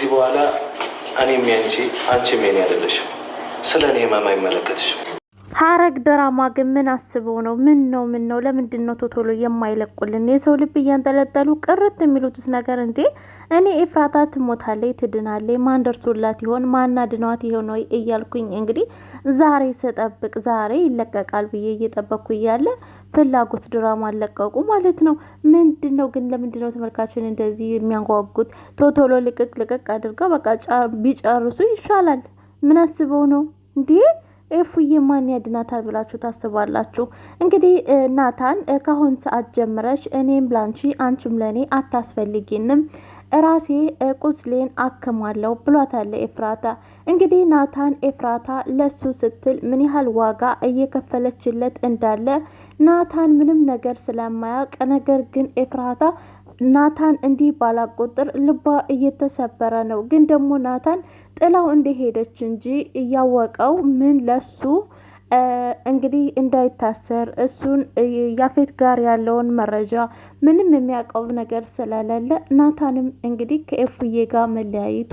ከዚህ በኋላ እኔም ያንቺ አንቺም የኔ አይደለሽም። ስለ እኔ ህመም አይመለከትሽም። ሀረግ ድራማ ግን ምን አስበው ነው? ምን ነው? ምን ነው? ለምንድን ነው ቶቶሎ የማይለቁልን? የሰው ልብ እያንጠለጠሉ ቅርት የሚሉትስ ነገር እንዴ! እኔ ኤፍራታ ትሞታለች፣ ትድናለች፣ ማን ደርሶላት ይሆን? ማና ድኗት ይሆን እያልኩኝ እንግዲህ ዛሬ ስጠብቅ ዛሬ ይለቀቃል ብዬ እየጠበቅኩ እያለ ፍላጎት ድራማ አለቀቁ ማለት ነው። ምንድን ነው ግን ለምንድን ነው ተመልካችን እንደዚህ የሚያንጓጉት? ቶቶሎ ልቅቅ ልቅቅ አድርገው በቃ ቢጨርሱ ይሻላል። ምን አስበው ነው እንዴ? እፉዬ ማን ያድናታል ብላችሁ ታስባላችሁ? እንግዲህ ናታን ከአሁን ሰዓት ጀምረሽ እኔም ላንቺ አንቺም ለእኔ አታስፈልጊንም ራሴ ቁስሌን አክማለሁ ብሏታለ ኤፍራታ። እንግዲህ ናታን ኤፍራታ ለሱ ስትል ምን ያህል ዋጋ እየከፈለችለት እንዳለ ናታን ምንም ነገር ስለማያውቅ ነገር ግን ኤፍራታ ናታን እንዲህ ባላት ቁጥር ልቧ እየተሰበረ ነው። ግን ደግሞ ናታን ጥላው እንደሄደች እንጂ እያወቀው ምን ለሱ እንግዲህ እንዳይታሰር እሱን ያፌት ጋር ያለውን መረጃ ምንም የሚያውቀው ነገር ስለሌለ ናታንም እንግዲህ ከኤፉዬ ጋር መለያየቱ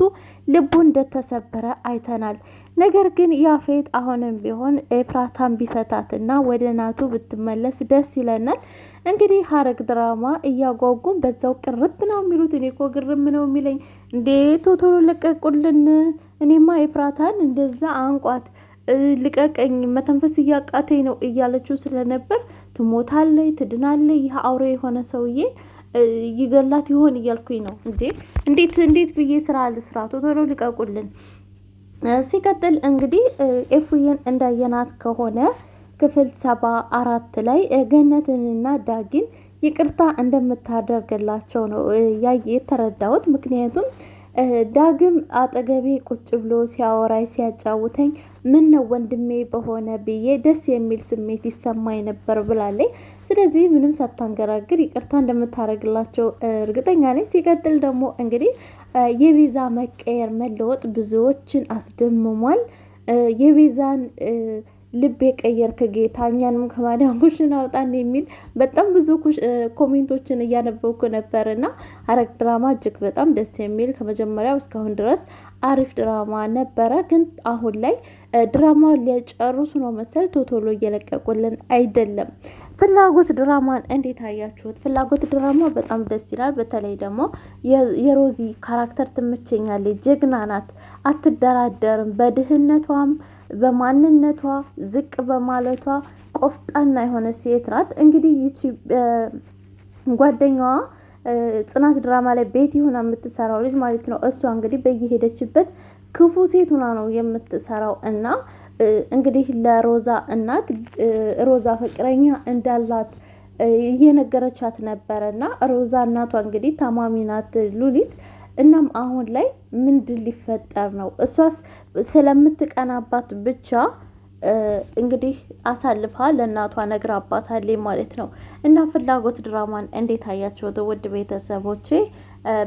ልቡ እንደተሰበረ አይተናል። ነገር ግን ያፌት አሁንም ቢሆን ኤፍራታን ቢፈታትና ወደ ናቱ ብትመለስ ደስ ይለናል። እንግዲህ ሀረግ ድራማ እያጓጉን በዛው ቅርት ነው የሚሉት። እኔ እኮ ግርም ነው የሚለኝ እንዴ! ቶሎ ለቀቁልን። እኔማ ኤፍራታን እንደዛ አንቋት ልቀቀኝ፣ መተንፈስ እያቃተኝ ነው እያለችው ስለነበር ትሞታለች፣ ትድናለች፣ ይህ አውሬ የሆነ ሰውዬ ይገላት ይሆን እያልኩኝ ነው። እንዴ እንዴት እንዴት ብዬ ስራ ልስራ? ቶቶሎ ልቀቁልን። ሲቀጥል እንግዲህ ኤፉዬን እንዳየናት ከሆነ ክፍል ሰባ አራት ላይ ገነትንና ዳጊን ይቅርታ እንደምታደርግላቸው ነው ያየ የተረዳሁት። ምክንያቱም ዳግም አጠገቤ ቁጭ ብሎ ሲያወራይ ሲያጫውተኝ ምን ነው ወንድሜ በሆነ ብዬ ደስ የሚል ስሜት ይሰማኝ ነበር ብላለች። ስለዚህ ምንም ሳታንገራግር ይቅርታ እንደምታደርግላቸው እርግጠኛ ነኝ። ሲቀጥል ደግሞ እንግዲህ የቤዛ መቀየር መለወጥ ብዙዎችን አስደምሟል። የቤዛን ልብ የቀየርክ ጌታ እኛንም ከማዳን አውጣን የሚል በጣም ብዙ ኮሜንቶችን እያነበብኩ ነበር። እና ሐረግ ድራማ እጅግ በጣም ደስ የሚል ከመጀመሪያው እስካሁን ድረስ አሪፍ ድራማ ነበረ። ግን አሁን ላይ ድራማውን ሊጨርሱ ነው መሰል ቶቶሎ እየለቀቁልን አይደለም። ፍላጎት ድራማን እንዴት አያችሁት? ፍላጎት ድራማ በጣም ደስ ይላል። በተለይ ደግሞ የሮዚ ካራክተር ትምቸኛለች። ጀግና ናት፣ አትደራደርም። በድህነቷም በማንነቷ ዝቅ በማለቷ ቆፍጣና የሆነ ሴት ናት። እንግዲህ ይቺ ጓደኛዋ ጽናት ድራማ ላይ ቤት ይሁና የምትሰራው ልጅ ማለት ነው። እሷ እንግዲህ በየሄደችበት ክፉ ሴት ሁና ነው የምትሰራው እና እንግዲህ ለሮዛ እናት ሮዛ ፍቅረኛ እንዳላት እየነገረቻት ነበረ እና ሮዛ እናቷ እንግዲህ ታማሚ ናት ሉሊት። እናም አሁን ላይ ምንድን ሊፈጠር ነው? እሷስ ስለምትቀናባት ብቻ እንግዲህ አሳልፋ ለእናቷ ነግራ አባታሌ ማለት ነው። እና ፍላጎት ድራማን እንዴት አያቸው ውድ ቤተሰቦቼ?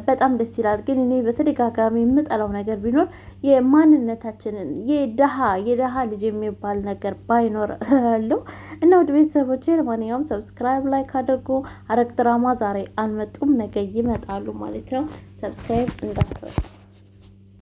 በጣም ደስ ይላል። ግን እኔ በተደጋጋሚ የምጠላው ነገር ቢኖር የማንነታችንን የድሃ የድሃ ልጅ የሚባል ነገር ባይኖር ለው እና ውድ ቤተሰቦቼ፣ ለማንኛውም ሰብስክራይብ ላይክ አድርጉ። ሐረግ ድራማ ዛሬ አልመጡም፣ ነገ ይመጣሉ ማለት ነው። ሰብስክራይብ እንዳትረሱ።